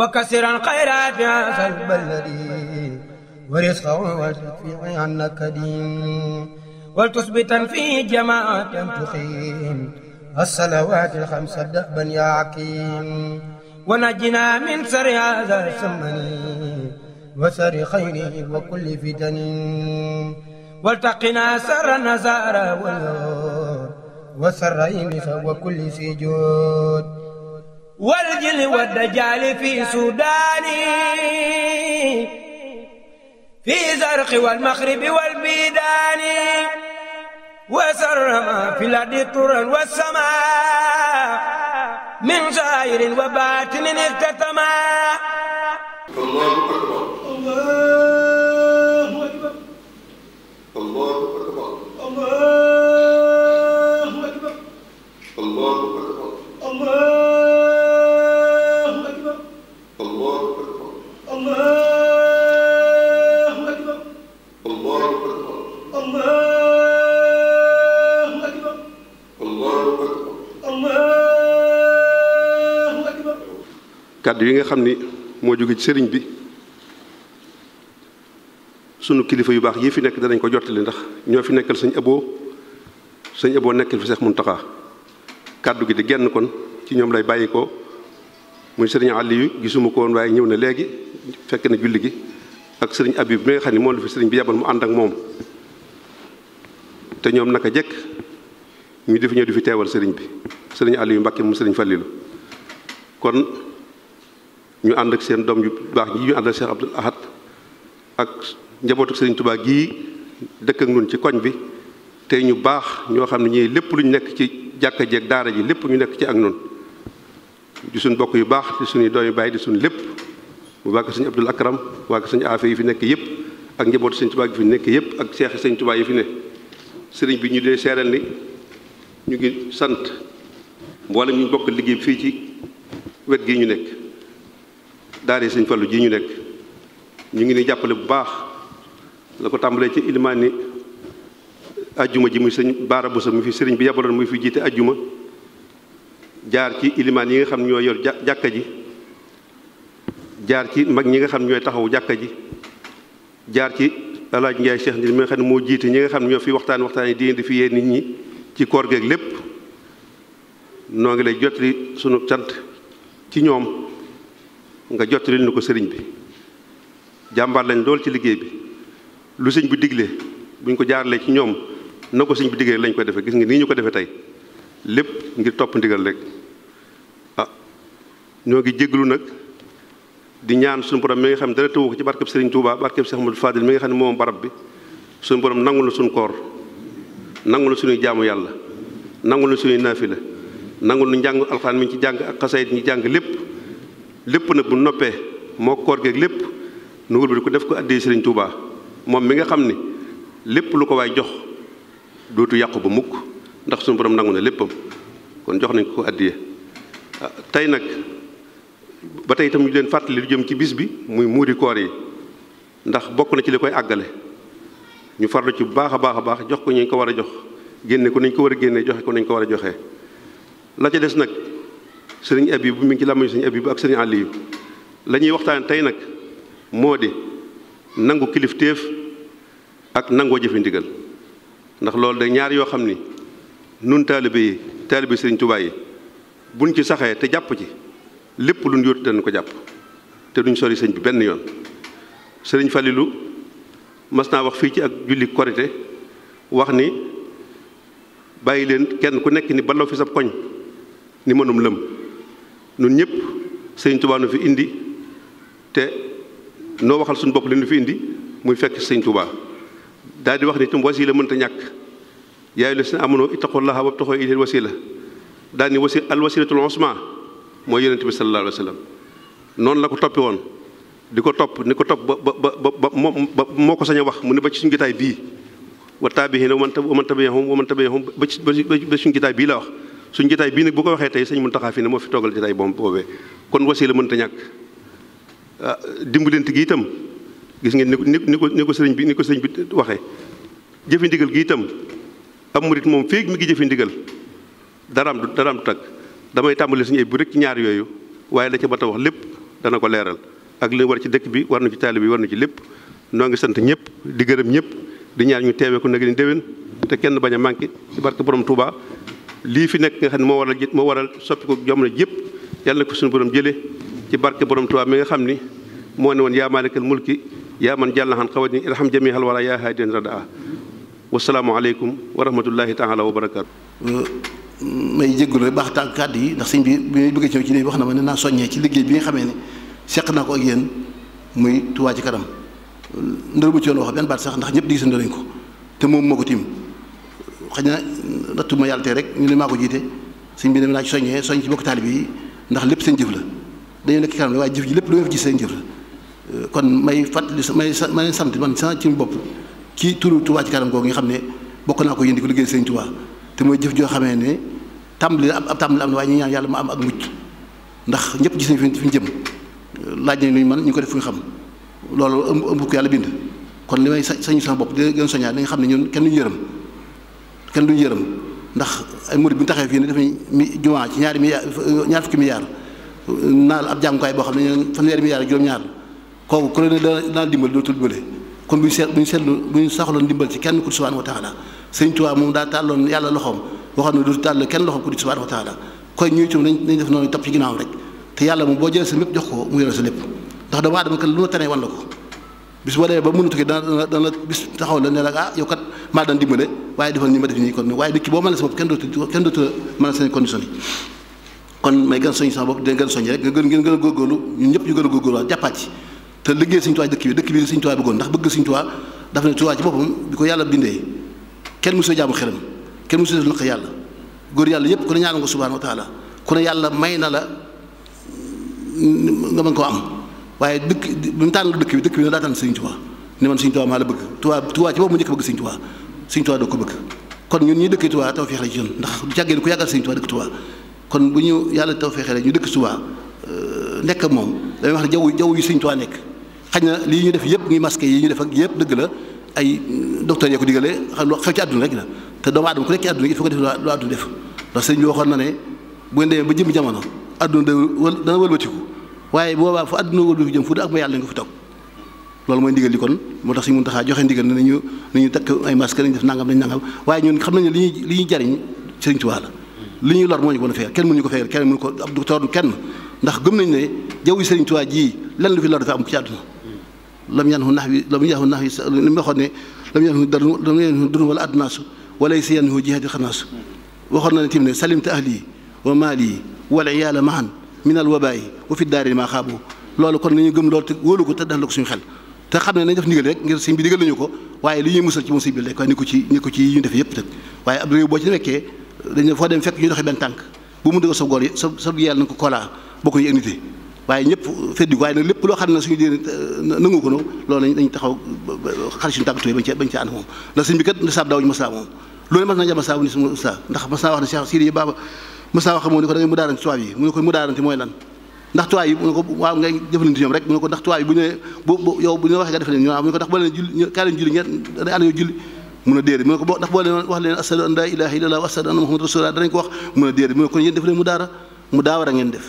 وكسرا خيرات عسى البلد ورزقه والشفيع عنك كديم ولتثبتا فيه جماعة تقيم الصلوات الخمس دأبا يا عكيم ونجنا من سر هذا السمن وسر خيره وكل فتن والتقنا سر النزار والنور وسر إبليس وكل سجود والجل والدجال في سوداني في زرق والمغرب والبيدان وسرما في الأرض طرا والسماء من زائر وباطن اختتما الله أكبر الله أكبر الله أكبر الله أكبر الله أكبر الله kàddu yi nga xam ni moo jóge ci sëriñ bi sunu kilifa yu baax yi fi nekk danañ ko jottali ndax ñoo fi nekkal sëñ Abo sëñ Abo nekkal fi Seex Muntaxa kàddu gi di genn kon ci ñoom lay bàyyi ko muy sëriñ Aliyu gisuma ko waaye ñëw na léegi fekk ne julli gi ak sëriñ Abib bi nga xam ne moom la fi sëriñ bi yabal mu ànd ak moom te ñoom naka jekk ñu di fi di fi teewal sëriñ bi sëriñ yu Mbàkke mu sëriñ Fàllilu kon ñu ànd ak seen doom yu baax ji ñu ànd ak Cheikh Abdoul Ahad ak njabootu Serigne Touba gii dëkk ak ñun ci koñ bi tey ñu baax ñoo xam ne ñii lépp lu ñu nekk ci jàkka jeeg daara ji lépp ñu nekk ci ak ñun ji suñ bokk yu baax ci suñuy doom yu bàyyi di suñ lépp bu baax Serigne Abdoul Akram waa Serigne Afé yi fi nekk yëpp ak njabootu Serigne Touba gi fi nekk yëpp ak seex Serigne Touba yi fi ne sëriñ bi ñu dee seeral ni ñu ngi sant mboolem ñu bokk liggéey fii ci wet gi ñu nekk daara sëñ Fallu ji ñu nekk ñu ngi ni jàppale bu baax la ko tàmbalee ci ilimaan ni ajjuma ji muy sëñ baara bosa mu fi sëriñ bi yabaloon muy fi jiite ajjuma jaar ci ilimaan yi nga xam ñoo yor jàkka ji jaar ci mag ñi nga xam ñooy taxawu jàkka ji jaar ci alaaj Njaay Cheikh ni mi nga xam ne moo jiite ñi nga xam ne ñoo fi waxtaan waxtaan yi di fi yee nit ñi ci koor geeg lépp noo ngi lay jotli suñu cant ci ñoom nga jottali nu ko sëriñ bi jàmbaar lañ dool ci liggéey bi lu sëñ bu digle buñ ko jaaralee ci ñoom na ko sëñ bu digle lañ ko defee gis nga nii ñu ko defee tey lépp ngir topp ndigal rek ah ñoo ngi jéglu nag di ñaan suñu borom mi nga xam ne dara tëwu ko ci barkeb sëriñ Touba barkeb Cheikh Amadou Fadil mi nga xam ne moom barab bi suñu borom nangu la suñu koor nangu la suñuy jaamu yàlla nangu la suñuy naafila nangu lu njàng alxaan mi ci jàng ak xasayit ñi jàng lépp lépp nag bu noppee moo koor geeg lépp nu wul bi ko def ko addee Sëriñ Tuubaa moom mi nga xam ni lépp lu ko waay jox dootu yàqu ba mukk ndax suñu borom nangu na léppam kon jox nañ ko addiye ah, tey nag ba tey itam ñu leen fàttali lu jëm ci bis bi muy muuri koor yi ndax bokk na ci li koy àggale ñu farlu ci bu baax a baax a baax jox ko ñu ko war a jox génne ko nañ ko war a génnee joxe ko nañ ko war a joxe la ca des nag sëriñ Abibu bu ngi ci làmmiñu sëriñ Abibu ak sëriñ Aliyu la lañuy waxtaan tey nag moo di nangu kilifteef ak nangoo jëfe ndigal ndax loolu de ñaar yoo xam ni nun taalibe yi taalibe sëriñ Tuubaa yi buñ ci saxee te jàpp ci lépp luñ yóotu dañ ko jàpp te duñ sori sëñ bi benn yoon sëriñ Falilu mas naa wax fii ci ak julli korite wax ni bàyyi leen kenn ku nekk ni balaw fi sab koñ ni mënum lëm nun ñëpp sëriñ Tuubaa nu fi indi te noo waxal suñu bopp li nu fi indi muy fekk sëriñ Tuubaa daal di wax ni tam wasiila ta ñàkk yaayu la si na amono ittaqullaha wabtaxoo ilayhi wasiila daal ni wasi al wasilatul usma mooy yonente bi sallallahu alayhi wa sallam noonu la ko toppi woon di ko topp ni ko topp ba ba ba ba moo ko sañ wax mu ne ba ci suñu gitaay bii wa taabihina wa man tabihum wa man tabihum ba ci ba bii la wax suñ jotaay bii nag bu ko waxee tey sëñ mun fi ne moo fi toogal jotaay boobu boobee kon wasiila mënta ñàkk ah, dimbalante gi itam gis ngeen ni ni ko ni ko sëriñ bi ni ko sëriñ bi waxee jëfe ndigal gi itam am murit moom féeg mu ngi jëfe ndigal daraam du daraam damay tàmbali suñu bi rek ci ñaar yooyu waaye la ca a wax lépp dana ko leeral ak li war ci dëkk bi war na ci taalibe bi war na ci lépp noo ngi sant ñëpp di gërëm ñëpp di ñaar ñu teewe ko nag ni déwén te kenn bañ a manqué ci barke borom Touba lii fi nekk nga xam ne moo waral moo waral soppi ko jamono jëpp yàlla na ko suñu borom jëlee ci barke borom Tuubaa mi nga xam ni moo ne woon yaa maalikal mulki yaa man jàll xan xawat ni irham jamihal wala yaa haadin radaa wasalaamualeykum wa rahmatullahi taala wa barakaatu. Euh, may jégalu rek baax tànk kàddu yi ndax sëñ bi bu may bëggee ci ñëw ci léegi wax na ma ne naa soññee ci liggéey bi nga xamee ne seq naa ko ak yéen muy tuwaa ci kanam euh, ndër bu ci yoon wax benn baat sax ndax ñëpp di gisandoo nañ ko te moom moo ko xëy na nattu ma yàlla tey rek ñu ne maa ko jiite sëñ bi dem naa ci soññee soññ ci bokk taalib yi ndax lépp seen jëf la dañu nekk kanam la waaye jëf ji lépp lu ngeen gis seen jëf la euh, kon may fàttali may ma sant man sant ci bopp ci turu Tuubaa ci kanam nga xam ne bokk naa ko yéen di ko liggéey sëñ Tuubaa te mooy jëf joo xamee ne tàmbali ab tàmbali am na waaye ñu ñaan yàlla ma am ak mucc ndax ñëpp gis nañ fi ñu jëm euh, laaj nañ lu man ñu ko def fu xam loolu ëmb ëmb ko bind kon li may sañu sama bopp di gën soññaat da nga xam ne ñun kenn ñu yërëm kenn du yërëm ndax ay murid bi ñu taxee fii ne def mi jumaa ci ñaari milliard ñaar fukki milliard naal ab jàngukaay boo xam ne fanweeri milliard juróom-ñaar kooku ku ne dana dimbali dootul dimbale kon bu ñu seet bu set seetlu bu ñu saxaloon dimbal ci kenn ku subhanahu wa taala sëñ Tuubaa moom daa tàlloon yàlla loxoom boo xam ne dootul tàll kenn loxoom ku di subhanahu wa koy ñu itam nañ def noonu topp ci ginnaawam rek te yàlla moom boo jëlee sa lépp jox ko mu yore sa lépp ndax doomu aadama la ko bis boo demee ba mënatu ki dana dana bis taxaw la ne la ah yow kat maa daan dimbale waaye defal ni ma def nii kon waaye nit ki boo mënee sa bopp kenn dootu kenn dootu mën a seen condition yi kon may gën soñ sama bopp dina gën soñ rek nga gën ngeen gën a góorgóorlu ñun ñëpp ñu gën a góorgóorluwaat jàppaat ci te liggéey Sëriñ Tuubaa dëkk bi dëkk bi Sëriñ Tuubaa bëggoon ndax bëgg Sëriñ Tuubaa dafa ne Tuubaa ci boppam bi ko yàlla bindee kenn mosu jaamu xelam kenn mosu def lu ko yàlla góor yàlla yëpp ku ne ñaanal nga subhaanahu wa taala ku ne yàlla may na la nga mën koo am waaye dëkk bi mu tànn dëkk bi dëkk bi na daa tànn Sëriñ Tuubaa ni man Sëriñ Tuubaa maa la bëgg Tuubaa Tuubaa ci boobu mu njëkk bëgg Sëriñ Tuubaa Sëriñ Tuubaa doo ko bëgg kon ñun ñuy dëkkee Tuubaa tawfeex la ci ñun ndax du dëkk Tuubaa kon ñu dëkk Tuubaa euh, nekk ak moom damay wax ne jaww jaww yu Sëriñ Tuubaa nekk xañ na lii ñu def yëpp ngi masqué yi ñu def ak yëpp dëgg la ay mm, docteur yee ko digale xam xew ci àdduna rek la te doomu aadama ku nekk ci àdduna il que def lu àdduna def ndax sëriñ bi waxoon na ne bu ngeen demee ba jëm jamono àdduna waaye boobaa fu àdduna wóor bi fi jëm fu du ak ma yàlla nga fi toog loolu mooy ndigal li kon moo tax suñu mun taxaa joxe ndigal ne nañu nañu takk ay masque nañu def nangam nañu waaye ñun xam nañu li ñuy li ñuy jariñ Sëriñ Tuubaa la li ñuy lor moo ñu ko mën a fayal kenn mënuñu ko fayal kenn mënu ko du toor kenn ndax gëm nañu ne jaww Sëriñ Tuubaa ji lenn lu fi lor dafa am ci àdduna lam yanhu nax wi lam yanhu nax wi li mu waxoon ne lam yanhu darun lam yanhu durun wala adnaasu wala si yanhu jihaati xanaasu waxoon na ne tim ne salimta ahli wa maali wal iyaala mahan minal wabaay wa fi daari maa xaabu loolu kon nañu gëm loolu te wóolu ko te def la ko suñu xel te xam ne nañ def ndigal rek ngir sëñ bi digal nañu ko waaye li ñuy musal ci musiba rek ni ko ci ni ko ci yi ñu def yëpp tëg waaye ab réew boo ci nekkee dañ foo dem fekk ñu ko koolaa bokkuñu ak nité waaye ñëpp feddi ko lépp loo xam ne suñu diine nangu ko no loolu dañ taxaw xar suñu tànk tuye bañ ci bañ ci ànd moom ndax sëñ bi kat nda masaa moom ni suñu saa ndax mas naa wax ne Moussa wax moo ne ko da ngay mu daaranti tubaab yi mu ne ko mu daaranti mooy lan ndax tubaab yi mu ne ko waaw ngay jëfandikoo ñoom rek mu ne ko ndax tubaab yi bu ñu nee bu yow bu ñu waxee nga def leen ñoo mu ne ko ndax boo leen julli kaa leen julli ngeen day ànd yow julli mun a déedéet mu ne ko ndax boo leen wax leen ashadu an laa ilaaha illallaah wa ashadu anna muhammadan rasulullah danañ ko wax mun a déedéet mu ne ko yéen def leen mu daara mu daawara ngeen def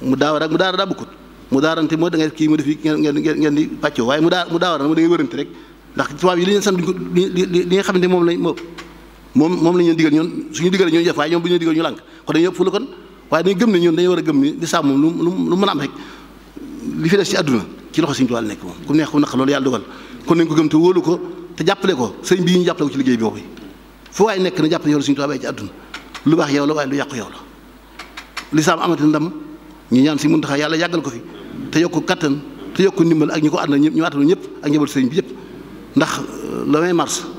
mu daawara mu daara daa bukkut mu daarante mooy da ngay kii mu def ngeen ngeen ngeen di pàccoo waaye mu daa mu daawara mu da ngay wërante rek ndax tubaab yi li ñu sant duñ ko li nga xamante moom lañ moom moom moom la ñu digal ñun suñu digalee ñun def waaye ñoom bu ñu digal ñu lànk kon dañu ëpp fu kon waaye dañu gëm ne ñun dañu war a gëm ni lislaam moom lu lu mën a am rek li ci àdduna ci loxo Sëriñ nekk moom ku neex ku naq loolu yàlla dogal kon nañ ko gëm te wóolu ko te jàppale ko sëriñ bi ñu jàppale ko ci liggéey bi boobu fu waaye nekk na jàppale yow la Sëriñ Tuubaa ci àdduna lu baax yow la waaye lu yàqu yow la lislaam amati ndam ñu ñaan si Muntaxa yàlla yàggal ko fi te yokk kattan te yokk ndimbal ak ñi ko ànd ñu àttal ñëpp ak njabal sëriñ bi yëpp ndax euh, le 20 mars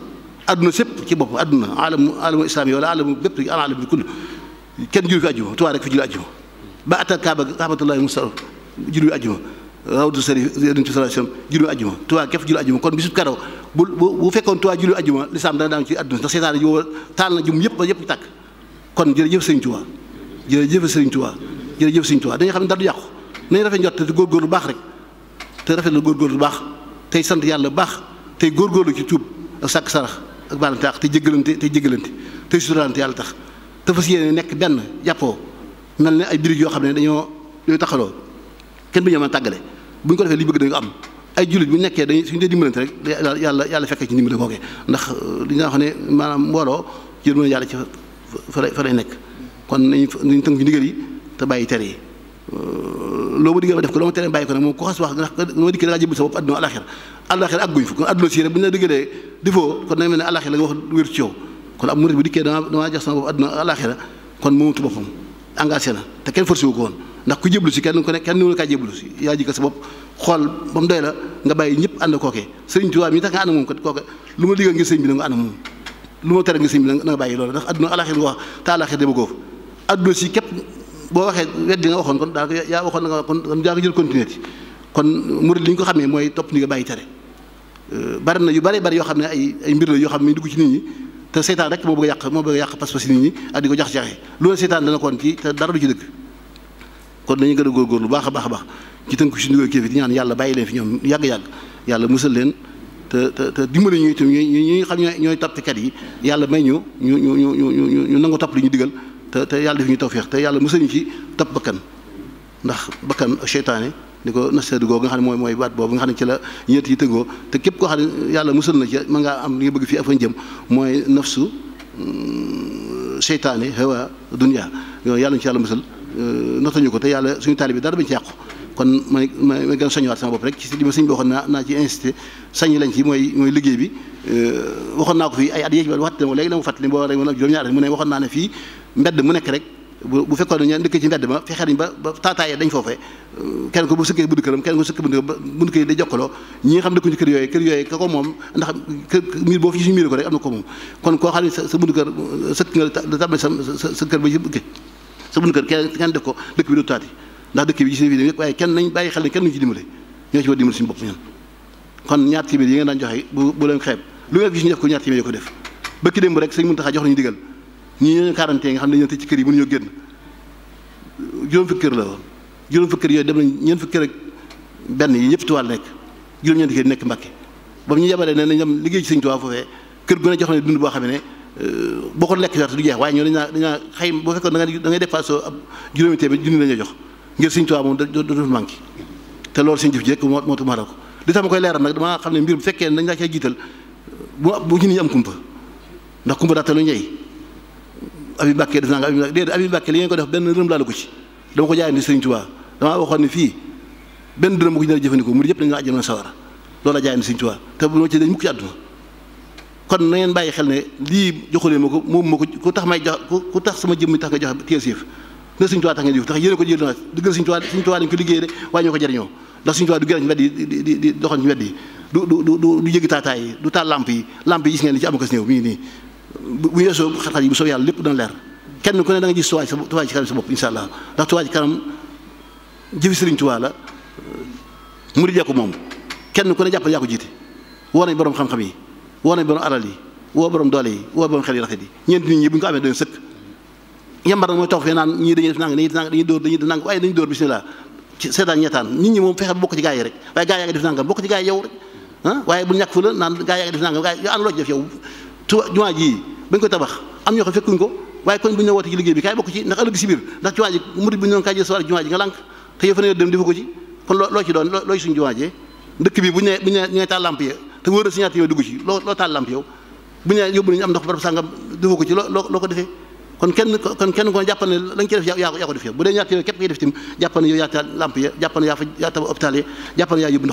àdduna sépp ci bopp adduna alamu alamu islaam yi wala alamu bépp alalam bi kull kenn julli fi àjjuma Tuubaa rek fi julli àjjuma ba atta kaaba kaabatullahi mustafa julli àjjuma rawdu sari yonent bi sallallahu alayhi wasallam julli àjjuma Tuubaa kef julli àjjuma kon bisub karaw bu bu fekkoon Tuubaa julli àjjuma lislaam dana daan ci àdduna ndax seetaan yi taal na jum yëpp yëpp tàkk kon jërëjëf sëriñ Tuubaa jërëjëf sëriñ Tuubaa jërëjëf sëriñ Tuubaa dañu xam ne dara du yàqu nañ rafet njort te góorgóor lu baax rek te rafet la góor lu baax tey sant yàlla baax tey góorgóorlu ci tuub ak sàkk sarax ak baalante àq te jéggalante te jéggalante te suturalante yàlla tax te fas yéene nekk benn jàppoo mel ne ay birig yoo xam ne dañoo yooyu taxaloo kenn bu ñu mën a tàggale bu ñu ko defee li bëgg dañu ko am ay jullit bu nekkee dañuy suñu dee dimbalante rek yàlla yàlla fekkee ci ndimbal googee ndax euh, li nga xam ne maanaam mbooloo jër mën yàlla ci fa fa nekk kon nañu nañu tënk ci ndigal yi te bàyyi tere yi euh, loo ma digal ma def ko loo ma tere bàyyi ko nag moom ku xas wax nga ma àllaaxira àgguñ fa kon àdduna si rek bu ñu la diggalee defoo kon nag mel ne àllaaxira la wax wér ci yow kon ab murit bu dikkee dama damaa sama bopp àdduna kenn forcé wu ko woon ndax ku jéblu si kenn ku kenn niwul kaa jéblu si yaa jikko sa bopp xool ba mu doy la nga bàyyi ñëpp ànd kookee sëriñ na wax te àllaaxira dama góof boo waxee weddi nga waxoon kon daanaka na kon yaa ko jël continuer kon murit li ñu ko xamee mooy topp ni nga bàyyi tere Euh, bari na yu bari bari yoo xam ne ay ay mbir la yoo xam ne dugg ci nit ñi te seytaan rek moo bëgg a yàq moo bëgg a yàq pas-pas nit ñi ak di ko jax jaxe loolu seytaan dana koon ci te dara du ci dëkk kon dañuy gën a góorgóorlu baax a baax a baax ci tënku si ndigal kilifa di ñaan yàlla bàyyi leen fi ñoom yàgg-yàgg yàlla musal leen te te te dimbali ñu itam ñi xam ñooy ñooy toppkat yi yàlla may ñu ñu ñu ñu ñu ñu nangu topp li ñu digal te te yàlla def ñu tawféex te yàlla musal ñu ci topp bakkan ndax bakkan ak di ko naseedu googu nga xam ne mooy mooy baat boobu nga xam ne ci la ñett yi tëggoo te képp koo xam ne yàlla musal na ci mën ngaa am li nga bëgg fii a fañ jëm mooy nafsu mm, seytaane hawa dunya yooyu yàlla ñu ci yàlla musal euh, notañu ko te yàlla suñu taalibe dara bañ ci yàqu kon ma ma ma gën a soññewaat sama bopp rek ci li ma sëñ bi waxoon naa naa ci insisté sañ lañ ci mooy mooy liggéey bi euh, waxoon naa ko fii ay at yéegi ba waxat léegi la ma fàttali boo rek ma juróom-ñaar mu ne waxoon naa ne fii mbedd mu nekk rek bu bu fekkoon ne dëkk ci ba euh, bu sëkkee bunt këram kenn ko sëkk bunt ba bunt kër yi day ndax kon ko dëkk bi du taati ndax dëkk bi ci fi yëpp waaye kenn nañ bàyyi xel ne kenn ñu ci dimbale ñoo ci war dimbale suñu bopp ñun kon ñaar téeméer yi nga daan joxe bu bu leen xeeb lu ngeen gis ñu def ko ñaar téeméer yi ko def bëkki démb rek sëñ Muntaxa jox nañu digal ñi ñooñu quarantaine nga xam ne ñoo tëj ci kër yi mënuñoo génn juróom fukki kër la woon juróom fukki kër yooyu dem nañ ñeent fukki kër ak benn yi ñëpp tuwaal nekk juróom-ñeenti kër nekk Mbàkke ba ñu yabalee ne nañ dem liggéey ci Sëñ Tuubaa foofee kër gu ne jox na dund boo xam ne euh, boo ko lekk sax du jeex waaye ñoo dañaa dañaa xëy boo fekkoon da nga da ngay dépassé ab juróomi téeméer junni la ñu jox ngir Sëñ Tuubaa moom dootul manqué te loolu seen jëf ji rek moo moo tax ma ko li tax ma koy leeral nag damaa xam ne mbir bu fekkee dañ laa cay jiital bu bu ñu am kumpa ndax kumpa daa telu njey abi Mbàkke def naa nga abi Mbàkke déedéet li ngeen ko def benn dërëm laalu ko ci dama ko jaayandi Sëriñ Tuubaa damaa waxoon ne fii benn dërëm bu ko jëfandikoo mu yëpp dañu la àjjana sawara loolu la jaayandi kon na ngeen bàyyi xel ne lii joxulee ma ko moom ma ko ku tax may jox ku tax sama jëmmi tax nga jox téye siif na Sëriñ Tuubaa tax ngeen jëf ko jël na dëggal Sëriñ Tuubaa Sëriñ Tuubaa dañ ko liggéey de waaye ñoo ko jariñoo ndax Sëriñ Tuubaa du gën ci mbedd yi du du du du taataay yi du taal lamp yi lamp yi gis ngeen li ci amakas néew mi nii bu yeesoo xat-xat yi bu soobee yàlla lépp dana leer kenn ku ne da nga gis tuwaay sa tuwaay ci kanam sa bopp insha allah ndax tuwaay ci kanam jëfi sëriñ Tuubaa la mu di jàkku moom kenn ku ne jàppal yaa ko jiite woo nañ borom xam-xam yi woo nañ borom alal yi woo borom doole yi woo borom xel yi rafet yi ñeenti nit ñi bu ñu ko amee doon sëkk yambar na mooy toog fee naan ñii dañuy def nang dañuy def nang dañuy dóor dañuy def nang bokk ci gaa yi yow rek ah. waaye bu ñàkk fu la naan gaa yaa ngi loo ci def Tuuba jumaa jii bañ ko tabax am ñoo xam fekkuñ ko waaye kon bu ñu woote ci liggéey bi kaay bokk ci ndax ëllëg si biir ndax jumaa ji murid bi ne taal lamp ya te wóor na si ñaata yow dugg ci loo loo taal lamp ya yóbbu ndox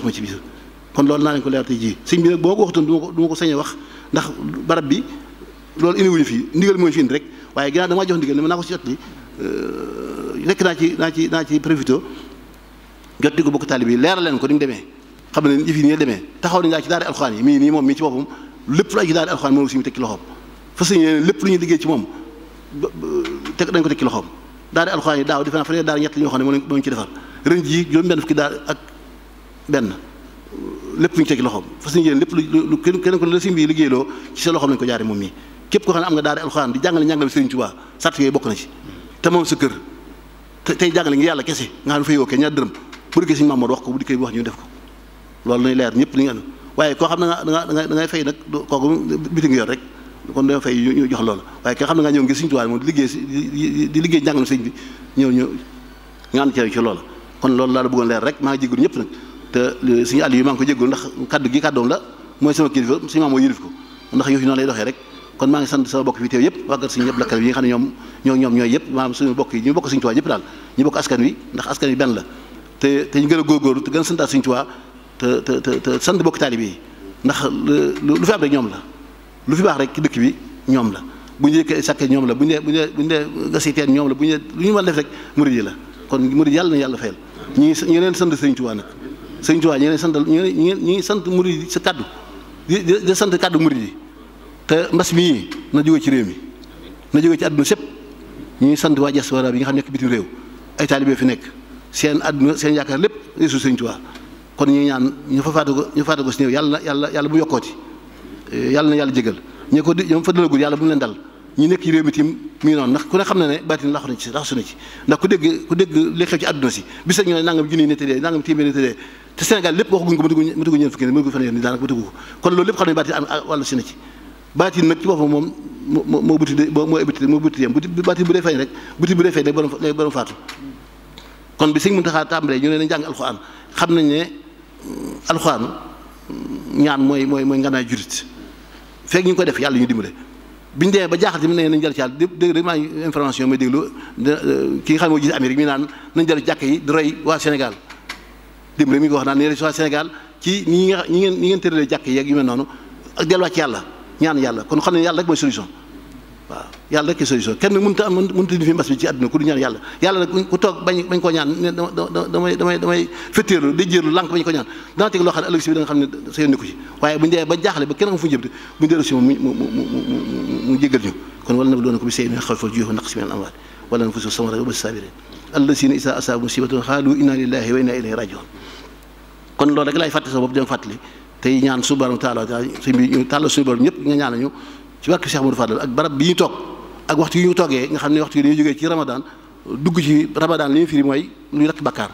ma ci biir kon loolu naa leen ko leer tey jii sëñ bi boo ko waxtoon du ko du wax ndax barab bi loolu indi wuñu fii ndigal mooy fi indi rek waaye ginnaaw damaa jox ndigal ne ma naa ko si jot li rekk euh, naa ci naa ci naa ci profité jot di ko bokk taalibe yi leeral leen ko ni mu demee xam ne yëf yi nii demee taxaw ni ngaa ci daara alxuraan yi mii nii moom mii ci boppam lépp lu ay ci daara alxuraan moom si mu tekki loxoom fas yéene lépp lu ñuy liggéey ci moom te dañ ko tekki loxoom daara alxuraan yi daaw defe naa fa ne daara ñett li ñoo xam ne moo leen ci defar ren jii juróom benn fukki daara ak benn lépp lu ñu teg loxoom fas yéene lépp lu kenn kenn ko la sëñ bi liggéeyloo ci sa loxoom njàngale Sëriñ Tuubaa yàlla kese nga xam ne fay wookee ñaar dërëm bu dikkee ñu def ko loolu lañuy leer ñëpp li nga am waaye koo xam ne danga danga dangay fay nag kooku biti nga yor rek jox loolu waaye koo xam ne nga ñëw ngir Sëriñ liggéey di liggéey njàngale sëñ bi ñëw ñëw kon loolu laa la bëggoon leer rek maa ngi jégul ñëpp nag te suñu àll yi maa ngi ko jéggul ndax kaddu gi kàddoom la mooy sama kilifa suñu maam moo yilif ko ndax yëf yi noonu lay doxee rek kon maa ngi sant sama bokk fi teew yëpp wàggat suñu ñëpp lakkal nga xam ne ñoom ñoo ñoom ñooy yëpp maanaam suñu bokk yi ñu bokk suñu tuwaa yëpp daal ñu bokk askan wi ndax askan wi benn la te te a góorgóorlu te gën a santaat suñu tuwaa te te te sant lu fi ñoom la lu fi baax rek ci dëkk bi ñoom la bu ñu dee ñoom la bu ñu dee bu ñu dee gasi teen ñoom la bu ñu dee lu ñu mën def rek murid yi la kon murid yàlla na yàlla fayal ñu ngi leen sant sëriñ tuwaa nag sëñ Tuubaa ñu ngi lay sant ñu ngi ñu ngi sant murid yi sa kaddu di di sant kàddu murid yi te mbas mii na jóge ci réew mi na jóge ci àdduna sépp ñu ngi sant waa diaspora yi nga xam nekk bitim réew ay taalibe fi nekk seen àdduna seen yaakaar lépp yeesu sëñ Tuubaa kon ñu ñaan ñu fa faatu ko ñu faatu ko si néew yàlla na yàlla yàlla bu yokkooti yàlla na yàlla jégal ñu ko di ñoom fa dalagul yàlla bu mu leen dal ñu nekk ci réew mi tim mi ngi noonu ndax ku ne xam na ne baatin laxu na ci laxu na ci ndax ku dégg ku dégg li xew ci àdduna si bis ñu ne nangam junni ne tëddee nangam téeméer ne tëddee te Sénégal lépp waxaguñ ko matugu matugu ñeen ko moom moo buti moo buti moo buti yem buti baatin bu dee feeñ rek buti bu dee feeñ rek borom lay borom faatu kon ñu ne nañ jàng alxuraan xam nañ ne alxuraan ñaan mooy mooy mooy nganaay jurit fekk ñu ko def yàlla ñu dimbale biñ demee ba jaaxal ci mu ne nañ jël ci yàlla dégg dégg maa information may déglu euh, ki nga xam ne moo jiite Amérique mi naan nañ jël jàkk yi di roy waa Sénégal démb rek mi ngi ko wax naan ne waa Sénégal ci ñi nga ñi ngeen ñi ngeen tëralee jàkk yi ak yu mel noonu ak delluwaat ci yàlla ñaan yàlla kon xam ne yàlla rek mooy solution waaw yàlla rek solution kenn mënut a am mënut a fi mbas bi ci àdduna ku du ñaan yàlla yàlla nag ku toog bañ koo ñaan damay damay damay fetteelu lànk bañ ko ñaan dana teg loo xam ne ëllëg si bi da xam ne sa yónni ci waaye bu ñu demee ba jaaxle ba kenn xam fu ñu jëm bu ñu dellu si moom mu mu nag doon ko bi sey mi si mel isa asaabu musibatun xaalu inna lillahi wa inna ilayhi rajiun kon loolu rek laay fàtte sa bopp dem fàttali tey ñaan suñu borom taala suñ bi ñu tàllal suñu borom ñëpp nga ñaanañu ci wàkk Cheikh Modou Fadal ak barab bi ñu toog ak waxtu yu ñu toogee nga xam ne waxtu yi dañuy jógee ci ramadan dugg ci ramadan li ñu firi mooy luy rakk bakkaar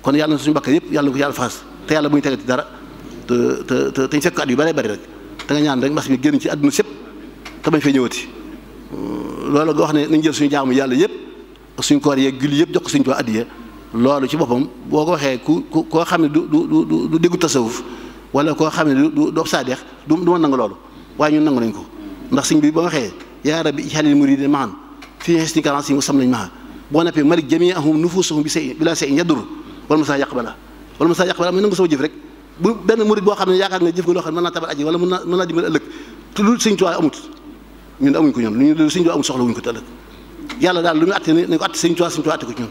kon yàlla na suñu bakkaar yëpp yàlla na yàlla faas te yàlla bu ñu tegati dara te te te te yu bëree bëri rek te nga ñaan rek mbas mi génn ci àdduna sépp te bañ fee ñëwati loolu nga wax ne nañ jël suñu jaamu yàlla yëpp ak suñu koor yeeg julli yëpp jox ko suñu toog addiya loolu ci boppam boo ko waxee ku ku koo xam ne du du du du déggu tasawuf wala koo xam ne du du du saadeex du du ma nangu loolu waaye ñu nangu nañ ko ndax sëñ bi ba waxee yaa rabbi ij'alil muridiina ma'an fii husni karaasiihim wa sam'ihim ma'an boo nappee malik jamii'ahum nufuusuhum bi say bi laa say yadur wala ma saa yaqbala ma saa yaqbala mooy nangu sama jëf rek bu benn loo xam naa tabal aji ëllëg te lu sëñ Tuubaa amut ñun amuñ ko ñun lu ñu sëñ Tuubaa amut soxla wuñ ko te ëllëg yàlla daal lu ñu atte nañ ko atte sëñ Tuubaa sëñ Tuubaa atte ko ci ñun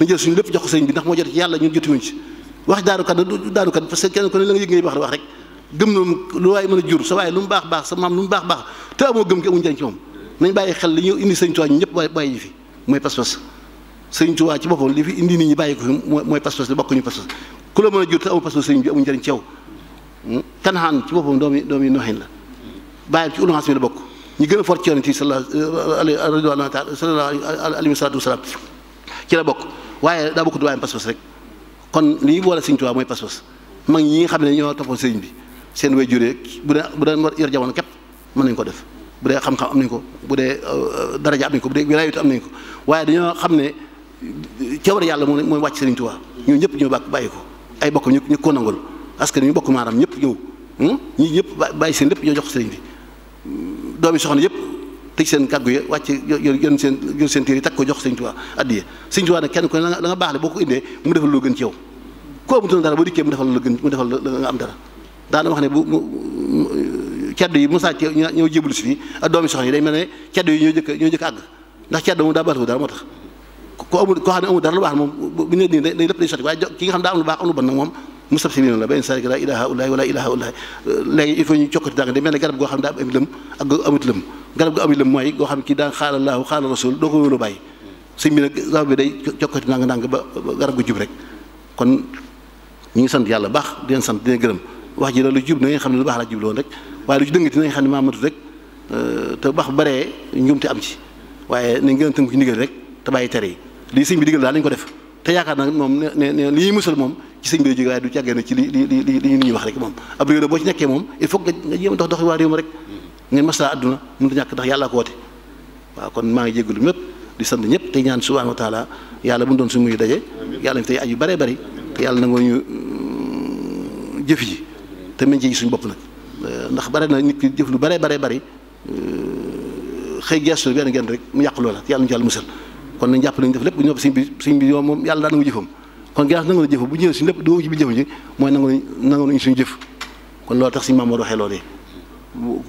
ñu jël suñu lépp jox ko sëñ bi ndax moo jot ci yàlla ñun jotuñu ci wa daarukat daarukat gëm na lu waaye mën a jur sa waaye lu mu baax baax sa maam lu mu baax baax te amoo gëm ki amuñu jàng ci moom nañ bàyyi xel li ñu indi sëñ Tuubaa ñëpp bàyyi bàyyi fi mooy pas-pas sëñ li fi indi nit ñi bàyyi ko fi mooy pas-pas li bokkuñu pas-pas ku la mën a jur te amu sëñ bi hmm? ci boppam bokk ñu gën a fort ci yonent yi sallallahu alayhi euh, bokk waaye daa bokkut waaye pas-pas kon li ñu boole sëñ Tuubaa mooy pas-pas mag ñi nga xam ne ñoo toppoon sëñ bi seen way juree bu dee bu dee war yor jamono képp mën nañ ko def bu dee xam-xam am nañ ko bu dee euh, euh, daraja am nañ ko bu dee wilaayatu am nañ ko waaye dañoo xam ne cawar yàlla moom mooy wàcc Sëriñ Tuubaa ñun ñëpp ñoo bàkk bàyyi ko ay bokk ñu ñu ko nangul parce que ñu bokk maanaam ñëpp ñëw hmm? ñi ñëpp bàyyi seen lépp ñoo jox sëriñ bi doomi soxna yëpp tëj seen kàggu ya wàcc yon seen yon seen téere yi takk ko jox Sëriñ Tuubaa addiye Sëriñ Tuubaa nag kenn ko ne la nga baax le boo ko indee mu defal loo gën ci yow koo amutoon dara boo dikkee mu defal la gën mu am dara daana wax ne bu ceddo yi mu musaa ci ñëw jébbalu si fii ak doomi soxna yi day mel ne ceddo yi ñoo jëkk ñoo jëkk àgg ndax ceddo moom daa baax dara moo tax ko amul dara lu baax moom bu ñu nii dañ lépp day baax am lu bon moom si miin la benn sarik laa ilaha garab goo xam ne daa am lëm ak goo amut lëm garab goo amut lëm mooy goo xam ne kii daa xaala laahu xaala rasul doo ko wóolu bàyyi sëñ bi nag saw bi day cokkati ndànk ndànk ba garab gu jub rek kon ñu ngi sant yàlla baax di leen sant di gërëm wax ji la lu jub na nga xam ne lu baax la jubloon rek waaye lu ci dëngati na nga xam ne maa matut rek euh, te bu baax baree njuumte am ci waaye nañ gën a tënku ci rek te bàyyi tere yi lii sëñ bi ko def te yaakaar naa moom ne ne li ñuy musal moom ci sëñ bi la jóge waaye du càggee na ci li li li li ñuy wax rek moom ab réew la boo ci nekkee moom il faut nga nga jéem dox dox waa réew ma rek ngeen maslaa àdduna mënut a ñàkk ndax yàlla ko woote waa kon maa ngi lu ñëpp di sant ñëpp te ñaan subhanahu wa taala yàlla bu doon suñu muy daje yàlla fi tey aju bare bari te yàlla nangoo ñu mm, jëf ji te mën ci gis suñu bopp nag euh, ndax bare na nit ki jëf lu bare bare bari euh, xëy gestu benn genn rek mu yàq loola yàlla ñu yàlla musal kon nañ jàpp nañ def lépp bu ñëw sëñ bi sëñ bi yow moom yàlla daan nga jëfam kon ginnaaw nangu na jëf bu ñëwee suñu lépp doo ci bi jëf ji mooy nangu nangu nañ suñu jëf kon loolu tax suñu maam moo waxee loolu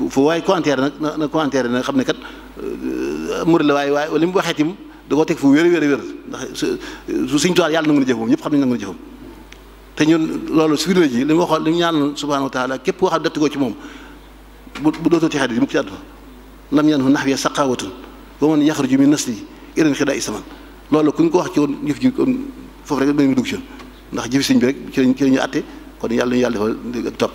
fu waaye commentaire nag na commentaire nag xam ne kat euh, murid la waaye waaye li mu waxee tim dakoo koo teg fu wér wér ndax su suñ tuwaar yàlla nangu na jëf moom ñëpp xam ne nangu na jëfam te ñun loolu si firnde ji li mu waxoon li mu ñaanal subhaanahu wa képp koo xam ne dattikoo ci moom bu bu dootoo ci xadis yi mu ci àdduna lam yanhu naxwiya saqaawatun wa man yaxruju min nasli irin xidaa isaman loolu ku ñu ko wax ci woon jëf ji ko foofu rek dañu dugg ci ndax jëfi sëñ bi rek ci lañ ci lañu àtte kon yàlla yàlla defal ak topp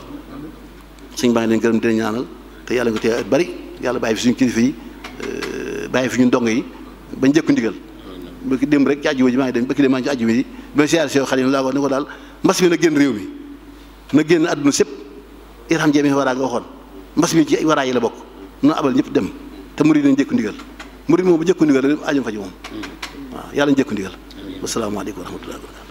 sëñ baa ngi leen gërëm di leen ñaanal te yàlla nga tee bari yàlla fi suñu kilifa yi euh, bàyyi fi ñun dong yi bañ jëkku ndigal ba ki dem rek ci àjjuma ji maa ngi dem ba dem maa ngi ci àjjuma ji ba siyaar laa ko ne daal mbas mi na génn réew mi na génn àdduna sépp irham jeemi waraa nga waxoon mbas mi ci waraa yi la bokk na abal ñëpp dem te murid nañ jëkku ndigal murid moom bu jëkku ndigal la ajum moom mm. waaw yàlla ñu jëkku ndigal wasalaamaaleykum wa rahmatullahi wa